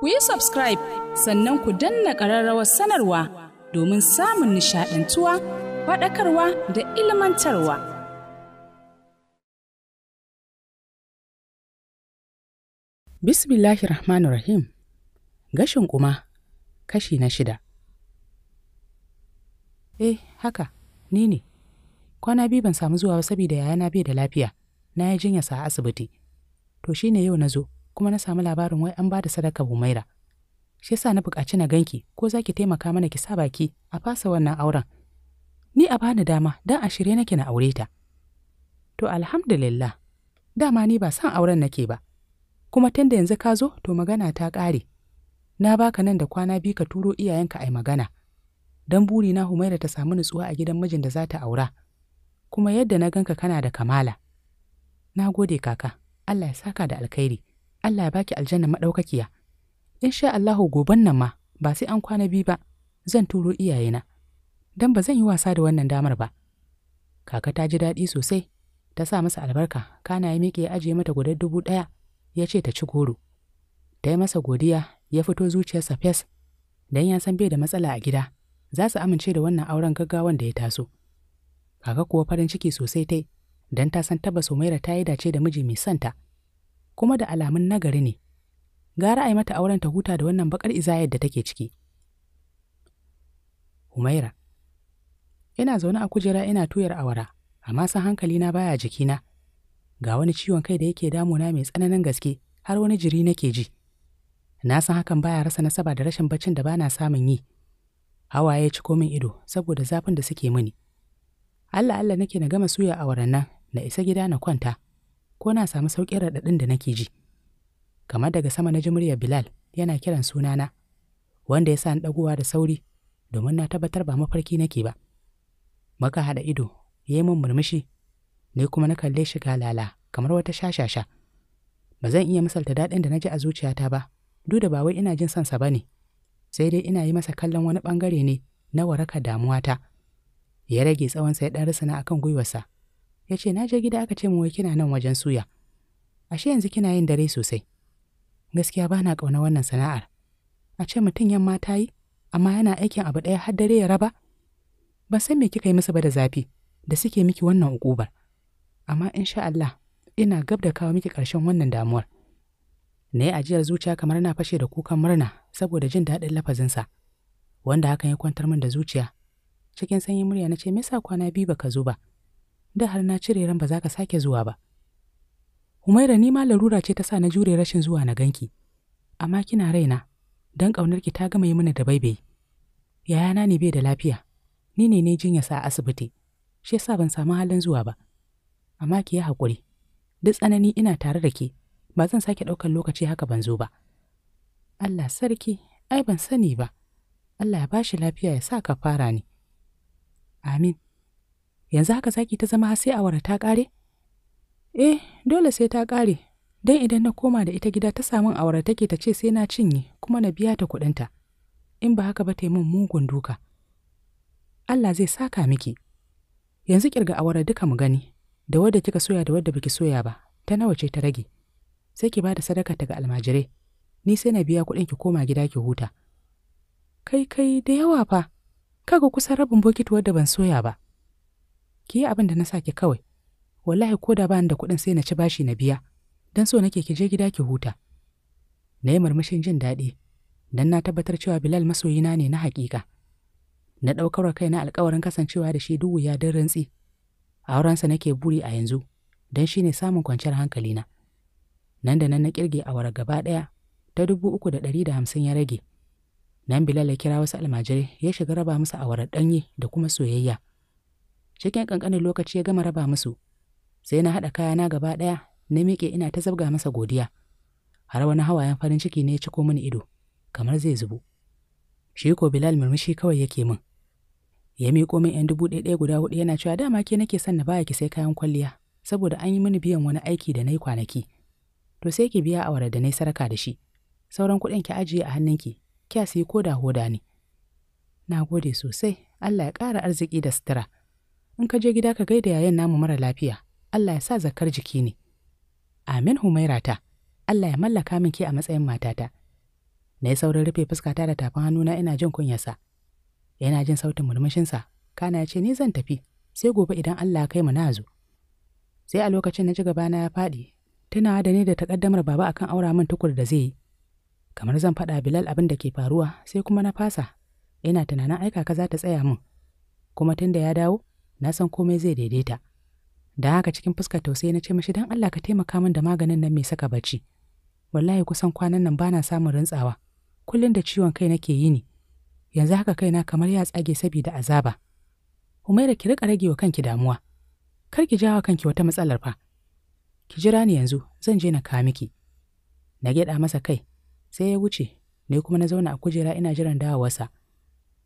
ku yi subscribe sannan ku danna ƙararrawar sanarwa domin samun nishaɗantuwa faɗakarwa da ilmantarwa. Bismillahi Rahmanir Rahim Gashin kuma kashi na shida. Eh, haka, ni ne. Kwana biyu ban samu zuwa ba saboda yayana bai da lafiya, na yi jinya sa asibiti. To shi yau na zo. kuma na samu labarin wai an ba da sadaka Humaira. Shi yasa na buƙaci na ganki ko za ki taimaka mana ki sa baki a fasa wannan auren. Ni a bani dama don a shirye nake na aure ta. To alhamdulillah, dama ni ba san auren nake ba. Kuma tun da yanzu ka zo to magana ta ƙare. Na baka nan da kwana biyu ka turo iyayenka ayi magana. Don buri na Humaira ta samu nutsuwa a gidan mijin da za ta aura. Kuma yadda na ganka kana da kamala. Na gode kaka, Allah ya saka da alkhairi. Allah ya baki aljanna in sha Allahu goben nan ma ba sai an kwana biyu ba zan turo iyayena. Dan ba zan yi wasa da wannan damar ba. Kaka ta ji daɗi sosai, ta sa masa albarka, kana ya miƙe ya ajiye mata guda dubu ɗaya, ya ce ta ci goro. Ta yi masa godiya, ya fito zuciyarsa fes, dan ya san bai da matsala a gida, za su amince da wannan auren gaggawan da ya taso. Kaka kuwa farin ciki sosai tai, dan ta san tabbas Umaira ta yi dace da miji mai santa. kuma da alamun nagari ne gara a yi mata auren ta huta da wannan bakar izayar da take ciki humaira ina zaune a kujera ina tuyar awara amma san na baya jikina ga wani ciwon kai da yake damuna mai tsananin gaske har wani jiri nake ji na san hakan baya rasa nasaba da rashin baccin da bana samun yi hawaye ya ciko min ido saboda zafin da suke mini Allah Allah nake na gama suya a nan na isa gida na kwanta ko na samu sauƙin raɗaɗin da nake ji kamar daga sama na ji muryar bilal yana kiran sunana wanda ya sa ni ɗagowa da sauri domin na tabbatar ba mafarki nake ba muka haɗa ido ya yi min murmushi Ni kuma na kalle shi lala kamar wata shashasha ba zan iya misalta daɗin da na ji a zuciyata ba duk da ba wai ina jin sansa ba ne sai dai ina yi masa kallon wani ɓangare ne na waraka damuwata ya rage tsawonsa ya ɗan risana akan gwiwarsa ya ce na je gida aka ce mu wai kina nan wajen suya ashe yanzu kina yin dare sosai gaskiya ba na ƙauna wannan sana'ar a ce mutum yamma ta yi amma yana aikin abu ɗaya har dare ya raba ban san me kika yi musu ba da zafi da suke miki wannan uƙubar amma in sha Allah ina gab da kawo miki ƙarshen wannan damuwar na yi ajiyar zuciya kamar na fashe da kukan murna saboda jin daɗin lafazinsa wanda hakan ya kwantar min da zuciya cikin sanyin murya na ce me sa kwana biyu baka zo ba da har na cire ran ba za ka sake zuwa ba. Humaira ni ma larura ce ta sa na jure rashin zuwa na ganki, amma kina raina, don ƙaunarki ta gama yi mana da baibayi. Yayana ne bai da lafiya, ni ne ne jinya sa a asibiti, shi yasa ban samu halin zuwa ba. Amma ki yi haƙuri, duk tsanani ina tare da ke, ba zan sake ɗaukar lokaci haka ban zo ba. Allah sarki, ai ban sani ba, Allah ya bashi lafiya ya sa ka fara ni. Amin. yanzu haka zaki ta zama sai awara ta ƙare? Eh, dole sai ta ƙare, don idan na koma da ita gida ta samun awara take ta ce sai na cinye kuma na biya ta kuɗinta, in ba haka ba ta yi min mugun duka. Allah zai saka miki. Yanzu kirga awara duka mu gani, da wadda kika soya da wadda baki soya ba, ta nawa ce ta rage. Sai ki ba da sadaka ga almajirai, ni sai na biya kuɗin ki koma gida ki huta. Kai kai da yawa fa, kaga kusan rabin bokiti wadda ban soya ba. ki yi abin da na saki kawai wallahi ko da bani da kuɗin sai na ci bashi na biya don so nake ki je gida ki huta na yi murmushin jin daɗi don na tabbatar cewa bilal masoyina ne na haƙiƙa na ɗaukar kai na alkawarin kasancewa da shi duk wuya don rantsi A aurensa nake buri a yanzu don shi ne samun kwanciyar hankalina nan da nan na kirge awara gaba ɗaya ta dubu uku da ɗari da hamsin ya rage nan bilal ya kira wasu almajirai ya shiga raba musu awarar ɗanye da kuma soyayya cikin ƙanƙanin lokaci ya gama raba musu sai na haɗa kayana gaba ɗaya na miƙe ina ta zabga masa godiya har wani hawayen farin ciki ne ya ciko mini ido kamar zai zubo shi ko bilal murmushi kawai yake min ya miƙo min yan dubu ɗaya guda hudu yana cewa dama ke nake son na baya ki sai kayan kwalliya saboda an yi mini biyan wani aiki da na yi kwanaki to sai ki biya awara da na yi saraka da shi sauran kuɗin ki ajiye a hannunki kya siyi ko da hoda ne na gode sosai Allah ya ƙara arziki da sutura in ka je gida ka gaida yayan namu mara lafiya Allah ya sa zakar jiki ne amin humairata Allah ya mallaka min ke a matsayin matata na yi saurin rufe fuskata da tafin hannuna ina jin kunyarsa yana jin sautin murmushinsa kana ya ce ni zan tafi sai gobe idan Allah ya kai mu na sai a lokacin na ji na ya faɗi Tana da ne da takaddamar baba akan aura min tukur da zai yi kamar zan faɗa Bilal abin da ke faruwa sai kuma na fasa ina tunanin aika ka za ta tsaya min kuma tun da ya dawo na san komai zai daidaita da haka cikin fuskar tausayi na ce mashi don Allah ka taimaka min da maganin nan mai saka bacci wallahi kusan kwanan nan bana samun rantsawa kullum da ciwon kai nake yi ne yanzu haka kaina kamar ya tsage saboda azaba Umaira ki rika rage wa kanki damuwa kar ki jawo kanki wata matsalar fa ki jira ni yanzu zan je na kawo miki na gyada masa kai sai ya wuce ne kuma na zauna a kujera ina jiran dawowarsa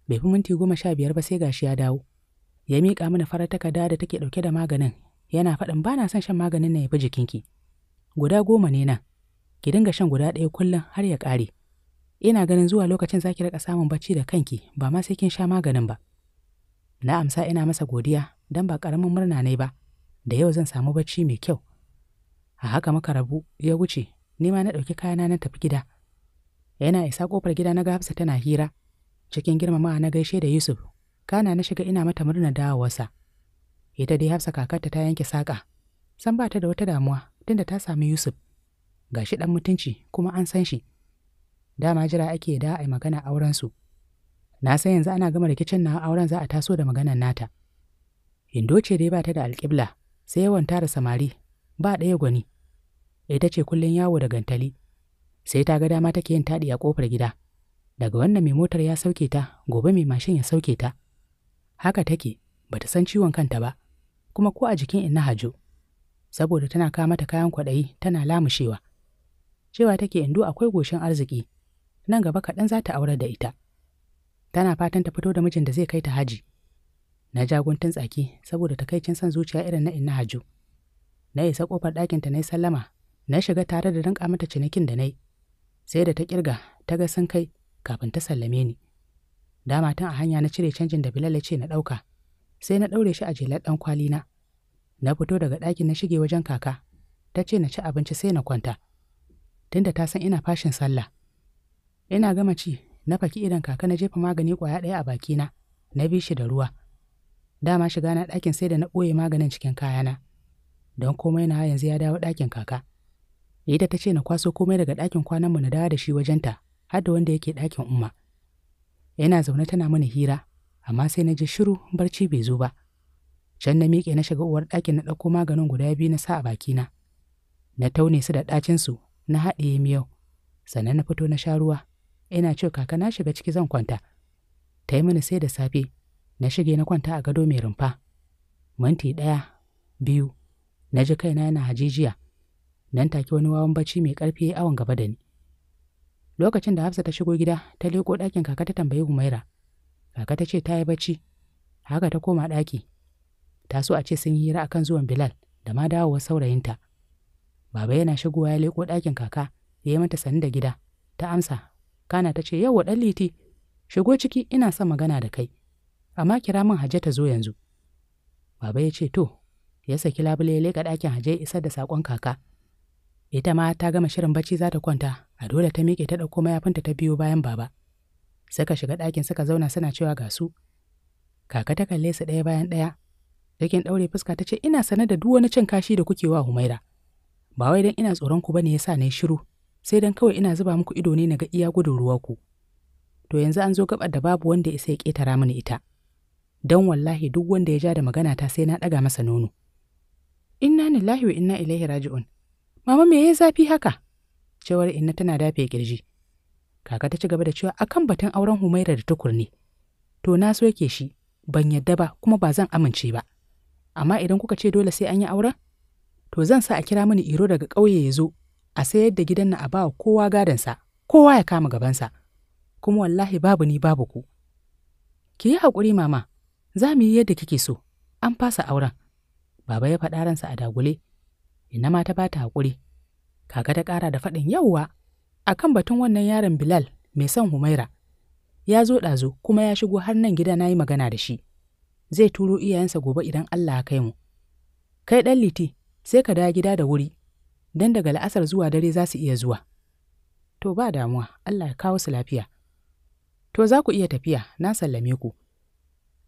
bai fi minti goma sha biyar ba sai gashi ya dawo ya miƙa mana farar takarda da take ɗauke da maganin yana faɗin ba na son shan maganin na ya bi jikinki guda goma ne nan ki dinga shan guda ɗaya kullum har ya ƙare ina ganin zuwa lokacin za ki riƙa samun bacci da kanki ba ma sai kin sha maganin ba na amsa ina masa godiya dan ba ƙaramin murna ne ba da yau zan samu bacci mai kyau a haka muka rabu ya wuce ni ma na ɗauki kayana na tafi gida yana isa ƙofar gida na ga Hafsa tana hira cikin girmamawa na gaishe da Yusuf kana na shiga ina mata murna dawowarsa ita dai hafsa kakarta ta yanke saƙa san ba ta da wata damuwa tunda ta sami yusuf Ga shi ɗan mutunci kuma an san shi dama jira ake da a magana aurensu na san yanzu ana gama rikicin na auren za a taso da maganar nata indo ce dai ba ta da alƙibla sai yawan tara samari ba ɗaya gwani ita ce kullum yawo da gantali sai ta ga dama take yin taɗi a ƙofar gida daga wannan mai motar ya sauke ta gobe mai mashin ya sauke ta Haka take, ba ta san ciwon kanta ba, kuma ko a jikin inna hajo, saboda tana kawo mata kayan kwaɗayi tana lamushewa. Cewa take indo akwai goshin arziki, nan gaba kaɗan za ta aurar da ita. Tana fatan ta fito da mijin da zai kai ta haji. Na jaguntun tun tsaki saboda ta takaicin son zuciya irin na inna hajo. Na isa ƙofar ɗakinta na yi sallama, na shiga tare da rinƙa mata cinikin da na yi. Sai da ta ƙirga, ta ga sun kai kafin ta sallame ni. Dama tun a hanya na cire canjin da Bilal ya ce na ɗauka. Sai na ɗaure shi a jelar ɗan kwali Na Na fito daga ɗakin na shige wajen kaka. Ta ce na ci abinci sai na kwanta. Tunda ta san ina fashin sallah. Ina gama ci, na faki idan kaka na jefa magani kwaya ɗaya a bakina. Na bi shi da ruwa. Dama shiga na ɗakin sai da na ɓoye maganin cikin kayana. Don komai na yanzu ya dawo ɗakin kaka. Ita ta ce na kwaso komai daga ɗakin kwananmu na dawo da shi wajenta, har da wanda yake ɗakin umma. yana zaune tana mana hira amma sai na ji shiru barci bai zo ba can na miƙe na shiga uwar ɗakin na ɗauko maganin guda biyu na sa a bakina na taune su da ɗacinsu na haɗiye miyau sannan na fito na sha ruwa ina cewa kaka na shiga ciki zan kwanta ta yi mini sai da safe na shige na kwanta a gado mai rumfa minti ɗaya biyu na ji kaina yana hajijiya nan take wani wawan bacci mai ƙarfi ya awon gaba da ni lokacin da hafsa ta shigo gida ta leko ɗakin kaka ta tambayi humaira kaka ta ce ta yi bacci haka ta koma ɗaki ta so a ce sun yi hira akan zuwan bilal da ma dawowar saurayinta baba yana shigowa ya leko ɗakin kaka ya yi mata sani da gida ta amsa kana ta ce yau ɗan liti shigo ciki ina son magana da kai amma kira min hajje ta zo yanzu baba ya ce to ya saki labule ya leka ɗakin hajje ya isar da saƙon kaka ita ma ta gama shirin bacci za ta kwanta a dole ta miƙe ta ɗauko mayafinta ta biyo bayan baba suka shiga ɗakin suka zauna suna cewa ga su kaka ta kalle su ɗaya bayan ɗaya cikin ɗaure fuska ta ce ina sanar da duk wani cin kashi da kuke wa humaira ba wai don ina tsoron ku bane yasa na yi shiru sai don kawai ina zuba muku ido ne na ga iya gudun ruwa ku to yanzu an zo gabar da babu wanda ya sai ƙetara mini ita don wallahi duk wanda ya ja da magana ta sai na ɗaga masa nono inna lillahi wa inna ilaihi raji'un Mama me ya zafi haka? Cewar inna tana dafe girji. Kaka ta ci gaba da cewa akan batun auren Humaira da tukurni. To na so yake shi, ban yadda ba kuma ba zan amince ba. Amma idan kuka ce dole sai an yi auren, to zan sa a kira mini iro daga ƙauye ya zo a sayar da gidan na a bawa kowa gadansa, kowa ya kama gabansa. Kuma wallahi babu ni babu ku. Ki yi haƙuri mama, za mu yi yadda kike so, an fasa auren. Baba ya faɗa ransa a dagule, Ina mata ta ba ta haƙuri. Kaka ta ƙara da faɗin yauwa a kan batun wannan yaron Bilal mai son Humaira. Ya zo ɗazu kuma ya shigo har nan gida na yi magana da shi. Zai turo iyayensa gobe idan Allah ya kai mu. Kai ɗan liti sai ka dawo gida da wuri don daga la'asar zuwa dare za su iya zuwa. To ba damuwa Allah ya kawo su lafiya. To za ku iya tafiya na sallame ku.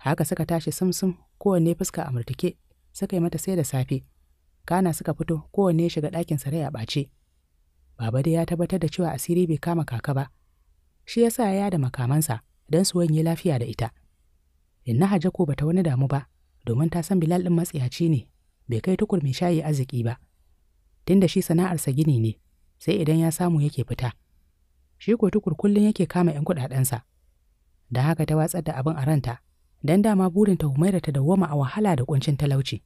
Haka suka tashi sumsum kowanne fuska a murtuke suka yi mata sai da safe. kana suka fito kowanne ya shiga ɗakin sarai a ɓace baba dai ya tabbatar da cewa asiri bai kama kaka ba shi yasa ya da makamansa don su wanye lafiya da ita inna haja ko ta wani damu ba domin ta san bilal ɗin matsiyaci ne bai kai tukur mai shayi arziki ba Tun da shi sana'arsa gini ne sai idan ya samu yake fita shi ko tukur kullum yake kama 'yan kuɗaɗensa da haka ta watsar da abin a ranta don dama burinta Humaira ta dawwama a wahala da kuncin talauci.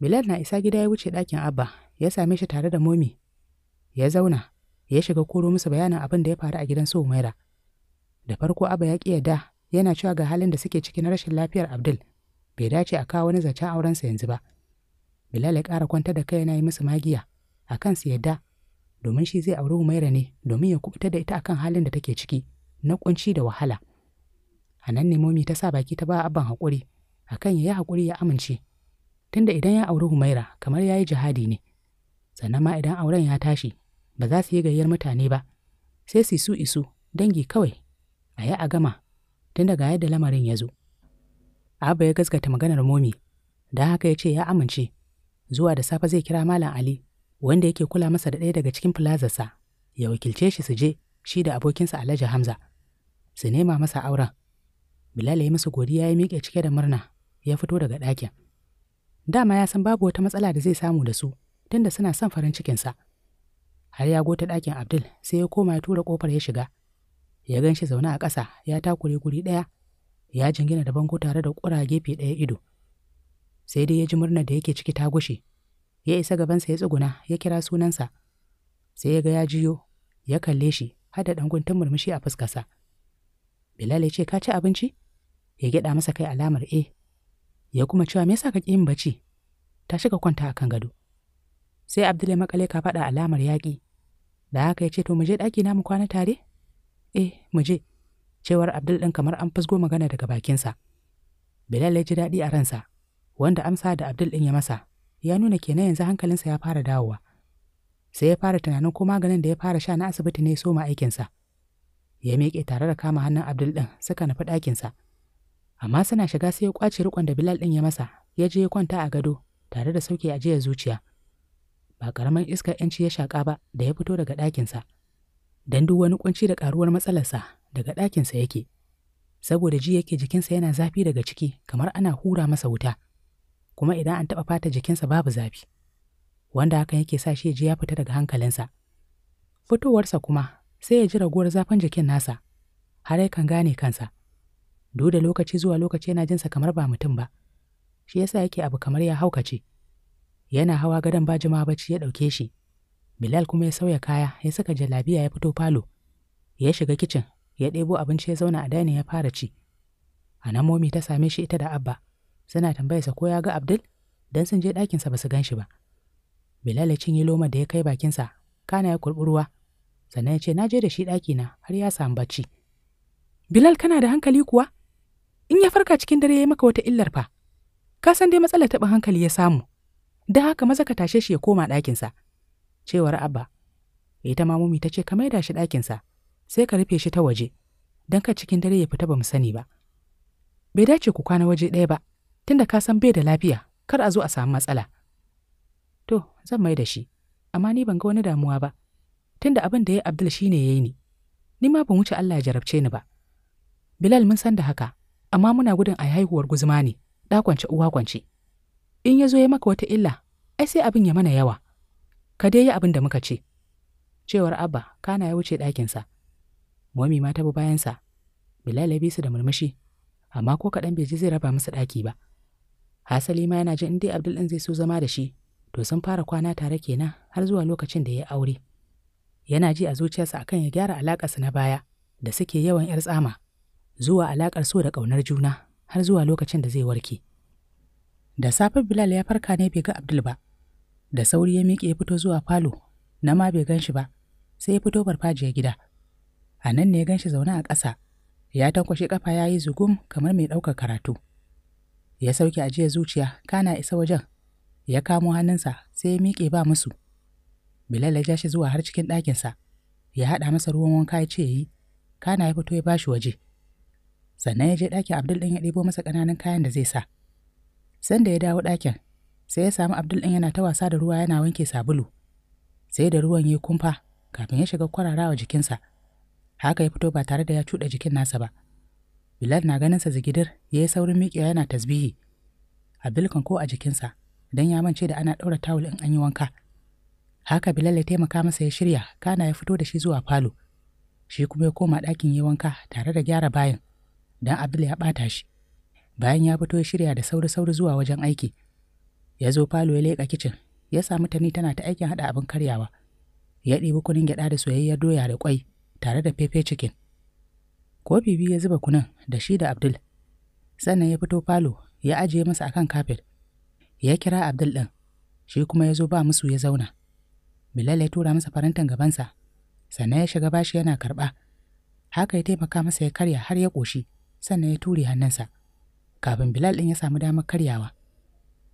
Bilal na isa gida ya wuce ɗakin Abba, ya same shi tare da momi. Ya zauna, ya shiga koro musu bayanin abin da ya faru a gidan su Umaira. Da farko Abba ya ƙi yadda yana cewa ga halin da suke ciki na rashin lafiyar Abdul, bai dace a kawo wani zancen aurensa yanzu ba. Bilal ya ƙara kwanta da kai yana yi musu magiya, a kan su yadda domin shi zai auri Umaira ne domin ya kubuta da ita akan halin da take ciki, na kunci da wahala. A nan ne momi ta sa baki ta ba Abban haƙuri, akan ya yi haƙuri ya amince. tunda idan ya auri Humaira kamar ya yi jihadi ne. Sannan ma idan auren ya tashi ba za su yi gayyar mutane ba, sai su isu isu dangi kawai a yi a gama tun daga yadda lamarin ya zo. Abba ya gaskata maganar momi, da haka ya ce ya amince, zuwa da safe zai kira Malam Ali, wanda yake kula masa da ɗaya daga cikin filazarsa, ya wakilce shi su je shi da abokinsa Alhaji Hamza. Su nema masa auren. Bilal ya yi masa godiya ya miƙe cike da murna, ya fito daga ɗakin. Dama ya san babu wata matsala da zai samu da su, tunda suna son farin cikinsa. Har ya gota ɗakin Abdul sai ya koma ya tura ƙofar ya shiga. Ya gan shi zaune a ƙasa ya takure guri ɗaya, ya jingina da bango tare da ƙura gefe ɗaya ido. Sai dai ya ji murnar da yake ciki ta gushe. Ya isa gabansa ya tsuguna ya kira sunansa. Sai ya ga ya jiyo, ya kalle shi har da ɗanguntun murmushi a fuskarsa. Bilal ya ce, Ka ci abinci? Ya gyaɗa masa kai alamar E, ya kuma cewa me yasa ka ƙi yin bacci ta shiga kwanta akan gado sai abdul ya makale ka faɗa alamar yaƙi da haka ya ce to mu je ɗaki na mu kwana tare eh mu je cewar abdul ɗin kamar an fusgo magana daga bakinsa bilal ya ji daɗi a ransa wanda amsa da abdul ɗin ya masa ya nuna kenan yanzu hankalinsa ya fara dawowa sai ya fara tunanin ko maganin da ya fara sha na asibiti ne so soma aikinsa ya miƙe tare da kama hannun abdul ɗin suka nufi ɗakinsa. amma suna shiga sai ya kwace rikon da Bilal din ya masa ya je ya kwanta a gado tare da sauke ajiyar zuciya ba ƙaramin iska ‘yanci ya shaƙa ba da ya fito daga ɗakinsa don duk wani kunci da ƙaruwar matsalarsa daga ɗakinsa yake saboda ji yake jikinsa yana zafi daga ciki kamar ana hura masa wuta kuma idan an taɓa fata jikinsa babu zafi wanda hakan yake sa shi ji ya fita daga hankalinsa fitowarsa kuma sai ya ji raguwar zafin jikin nasa har kan gane kansa duk da lokaci zuwa lokaci yana jinsa kamar ba mutum ba shi yasa yake abu kamar ya haukace yana hawa gadon ba jimawa bacci ya ɗauke shi bilal kuma ya sauya kaya ya saka jalabiya ya fito falo ya shiga kicin ya ɗebo abinci ya zauna a dani ya fara ci a nan momi ta same shi ita da abba suna tambayarsa ko ya ga abdul dan sun je ɗakinsa ba su gan shi ba bilal ya cinye loma da ya kai bakinsa kana ya kurɓi ruwa sannan ya ce na je da shi ɗakina har ya samu bacci bilal kana da hankali kuwa in ya farka cikin dare ya maka wata illar fa ka san dai matsalar taɓin hankali ya samu da haka maza ka tashe shi ya koma ɗakinsa cewar abba ita ma mumi ta ce ka maida shi ɗakinsa sai ka rufe shi ta waje don ka cikin dare ya fita ba mu sani ba bai dace ku kwana waje ɗaya ba tunda ka san bai da lafiya kar a zo a samu matsala to zan mai da shi amma ni ban ga wani damuwa ba tunda abin da ya abdul shi shine yayi ni ni ma ban wuce Allah ya jarabce ni ba bilal mun san da haka amma muna gudun a haihuwar guzuma ne, ɗa kwance uwa kwance. In ya zo ya maka wata illa, ai sai abin ya mana yawa. Ka dai yi abin da muka ce. Cewar Abba, kana ya wuce ɗakinsa. Momi ma ta bi bayansa. Bilal ya bi su da murmushi, amma ko kaɗan bai ji zai raba musu ɗaki ba. Hasali ma yana jin in dai Abdul ɗin zai so zama da shi, to sun fara kwana tare kenan har zuwa lokacin da ya aure. Yana ji a zuciyarsa akan ya gyara alaƙarsa na baya da suke yawan 'yar tsama. zuwa alaƙar so da ƙaunar juna har zuwa lokacin da zai warke. Da safe Bilal ya farka ne bai ga Abdul ba, da sauri ya miƙe ya fito zuwa falo, na ma bai gan shi ba, sai ya fito farfajiyar gida. A nan ne ya gan shi zaune a ƙasa, ya tankwashe ƙafa ya yi zugum kamar mai ɗaukar karatu. Ya sauke ajiya zuciya, kana isa wajen, ya kamo hannunsa sai ya miƙe ba musu. Bilal ya ja shi zuwa har cikin ɗakinsa, ya haɗa masa ruwan wanka ya ce ya yi, kana ya fito ya bashi waje. sannan ya je ɗakin abdul ɗin ya ɗebo masa ƙananan kayan da zai sa sanda ya dawo ɗakin sai ya samu abdul ɗin yana ta wasa da ruwa yana wanke sabulu sai da ruwan ya kumfa kafin ya shiga kwararawa jikinsa haka ya fito ba tare da ya cuɗa jikin nasa ba bilal na ganin sa zigidir ya yi saurin miƙewa yana tasbihi abdul kan ko a jikinsa don ya mance da ana ɗaura tawul in an yi wanka haka bilal ya taimaka masa ya shirya kana ya fito da shi zuwa falo shi kuma ya koma ɗakin yi wanka tare da gyara bayan don Abdul ya ɓata shi. Bayan ya fito ya shirya da sauri-sauri zuwa wajen aiki, ya zo falo ya leƙa kicin, ya samu tani tana ta aikin haɗa abin karyawa. Ya ɗibi kunin gyaɗa da soyayyar doya da kwai, tare da fefe cikin. Ko biyu ya zuba kunin da shi da Abdul. Sannan ya fito falo ya ajiye masa akan kafet. Ya kira Abdul ɗin, shi kuma ya zo ba musu ya zauna. Bilal ya tura masa farantin gabansa, sannan ya shiga bashi yana karɓa. Haka ya taimaka masa ya karya har ya ƙoshi. sannan ya ture hannunsa kafin Bilal ɗin ya samu damar karyawa.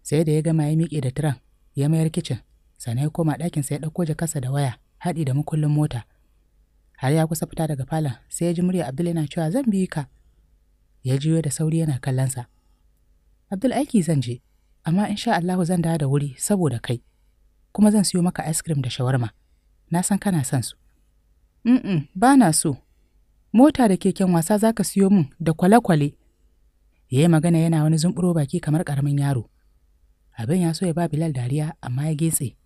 Sai da ya gama ya miƙe da tiran ya mayar kicin sannan ya koma ɗakinsa ya ɗauko jakarsa da waya haɗi da makullin mota. Har ya kusa fita daga falon sai ya ji murya Abdul yana cewa zan bi ka. Ya jiyo da sauri yana kallonsa. Abdul aiki zan je, amma in sha Allahu zan dawo da wuri saboda kai. Kuma zan siyo maka ice cream da shawarma. Na san kana son su. Mm, -mm ba na so, mota da keken wasa za ka siyo min da kwale-kwale ya yi magana yana wani zumburo baki kamar ƙaramin yaro abin ya so ya ba bilal dariya amma ya getse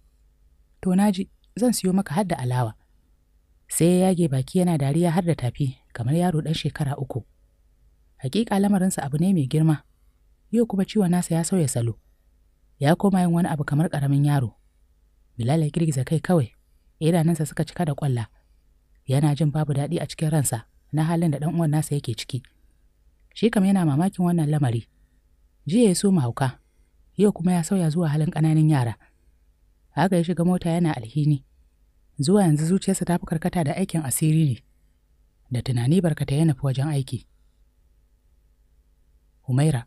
to naji zan siyo maka har da alawa sai ya yage baki yana dariya har da tafi kamar yaro ɗan shekara uku hakika lamarinsa abu ne mai girma yau kuma ciwon nasa ya sauya salo ya koma yin wani abu kamar ƙaramin yaro bilal ya girgiza kai kawai idanunsa suka cika da kwalla yana jin babu daɗi a cikin ransa na halin da ɗan uwan nasa yake ciki shi kam yana mamakin wannan lamari jiya ya so hauka yau kuma ya sauya zuwa halin ƙananan yara haka ya shiga mota yana alhini zuwa yanzu zuciyarsa ta fi karkata da aikin asiri ne da tunani barkata ya nufi wajen aiki Humaira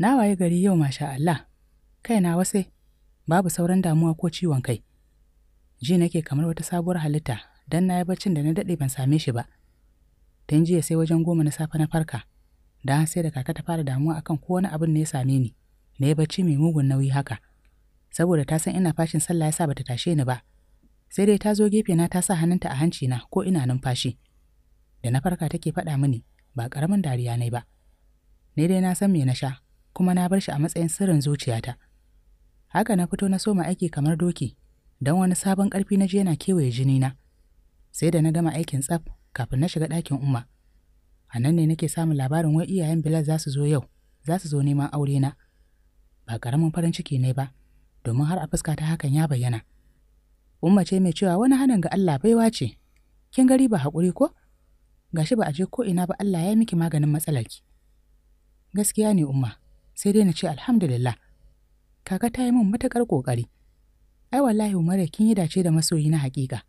na waye gari yau masha Allah Kai na wasai babu sauran damuwa ko ciwon kai ji nake kamar wata sabuwar halitta dan na yi barcin da na daɗe ban same shi ba. Tun jiya sai wajen goma na safe na farka, da sai da kaka ta fara damuwa akan ko wani abin ne ya same ni, na yi barci mai mugun nauyi haka. Saboda ta san ina fashin sallah ya sa bata tashe ni ba. Sai dai ta zo gefe na ta sa hannunta a hanci na ko ina numfashi. Da na farka take faɗa mini ba ƙaramin dariya ne ba. Ni dai na san me na sha, kuma na bar shi a matsayin sirrin zuciyata. Haka na fito na soma aiki kamar doki, don wani sabon ƙarfi na je na kewaye jini na. sai da na gama aikin tsaf kafin na shiga ɗakin umma a nan ne nake samun labarin wai iyayen bilal za su zo yau za su zo neman aure na ba ƙaramin farin ciki ne ba domin har a fuska ta hakan ya bayyana umma ce mai cewa wani hanin ga allah baiwa ce kin gari ba haƙuri ko gashi ba a je ko ina ba allah ya miki maganin matsalarki gaskiya ne umma sai dai na ce alhamdulillah kaka ta yi min matuƙar ƙoƙari ai wallahi umar kin yi dace da masoyi na haƙiƙa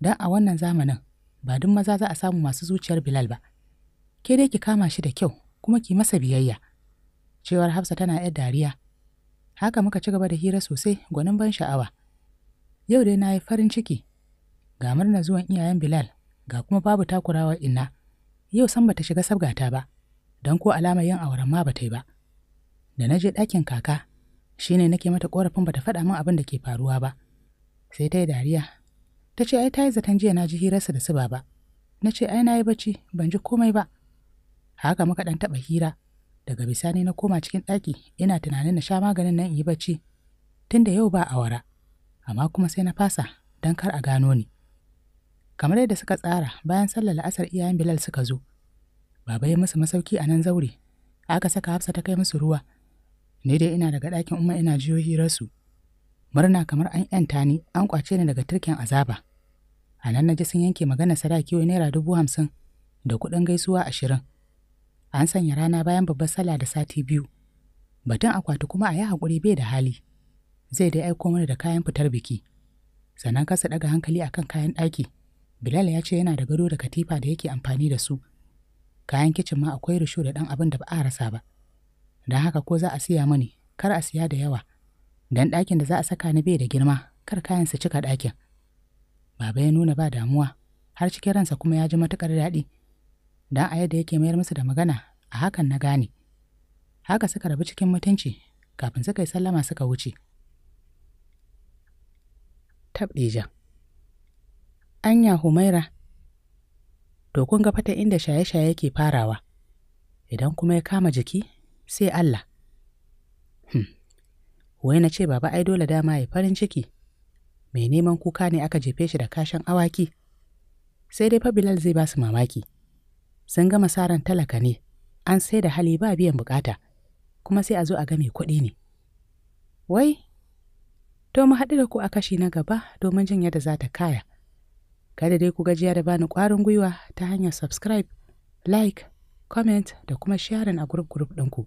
don a wannan zamanin ba duk maza za a samu masu zuciyar Bilal ba. Ke dai ki kama shi da kyau kuma ki masa biyayya. Cewar Hafsa tana ‘yar dariya. Haka muka ci gaba da hira sosai gwanin ban sha'awa. Yau dai na yi farin ciki. Ga murnar zuwan iyayen Bilal, ga kuma babu takurawa inna. Yau san bata shiga sabgata ba, don ko alama yin auren ma bata yi ba. Da na je ɗakin kaka, shine nake mata ƙorafin bata faɗa min abin da ke faruwa ba. Sai ta yi dariya ta ce ai ta yi zaton jiya na ji hirarsa da su baba na ce ai na yi bacci ban ji komai ba haka muka ɗan taɓa hira daga bisani na koma cikin ɗaki ina tunanin na sha maganin nan in yi bacci tunda yau ba a wara. amma kuma sai na fasa don kar a gano ni kamar yadda suka tsara bayan sallar la'asar iyayen bilal suka zo baba ya musu masauki a nan zaure aka saka hafsa ta kai musu ruwa ni dai ina daga ɗakin umma ina jiyo hirarsu murna kamar an ‘yanta ni an kwace ni daga turken azaba. A nan na ji sun yanke magana sadaki wai naira dubu hamsin da kuɗin gaisuwa ashirin. An sanya rana bayan babbar sallah da sati biyu. Batun akwati kuma a yi haƙuri bai da hali. Zai dai aiko mana da kayan fitar biki. Sannan kasa ɗaga hankali akan kayan ɗaki. Bilal ya ce yana da gado da katifa da yake amfani da su. Kayan kicin ma akwai risho da ɗan abin da ba a rasa ba. Don haka ko za a siya mani, kar a siya da yawa. Dan ɗakin da za a saka ni bai da girma, kar kayan su cika ɗakin. Baba ya nuna ba damuwa, har cikin ransa kuma ya ji matuƙar daɗi. Dan a yadda yake mayar musu da magana, a hakan na gane. Haka suka rabu cikin mutunci, kafin suka yi sallama suka wuce. Tabɗija. Anya Humaira, to kun ga fata inda shaye-shaye yake farawa, idan kuma ya kama jiki, sai Allah. wai na ce baba ai dole dama ya farin ciki mai neman kuka ne aka jefe shi da kashin awaki sai dai fa bilal zai ba su mamaki sun gama saran talaka ne an sai da hali ba biyan bukata kuma sai a zo a ga mai kuɗi ne wai to mu haɗu da ku a kashi na gaba domin jin yadda za ta kaya kada dai ku gajiya da bani ƙwarin gwiwa ta hanyar subscribe like comment da kuma sharing a group group ɗinku.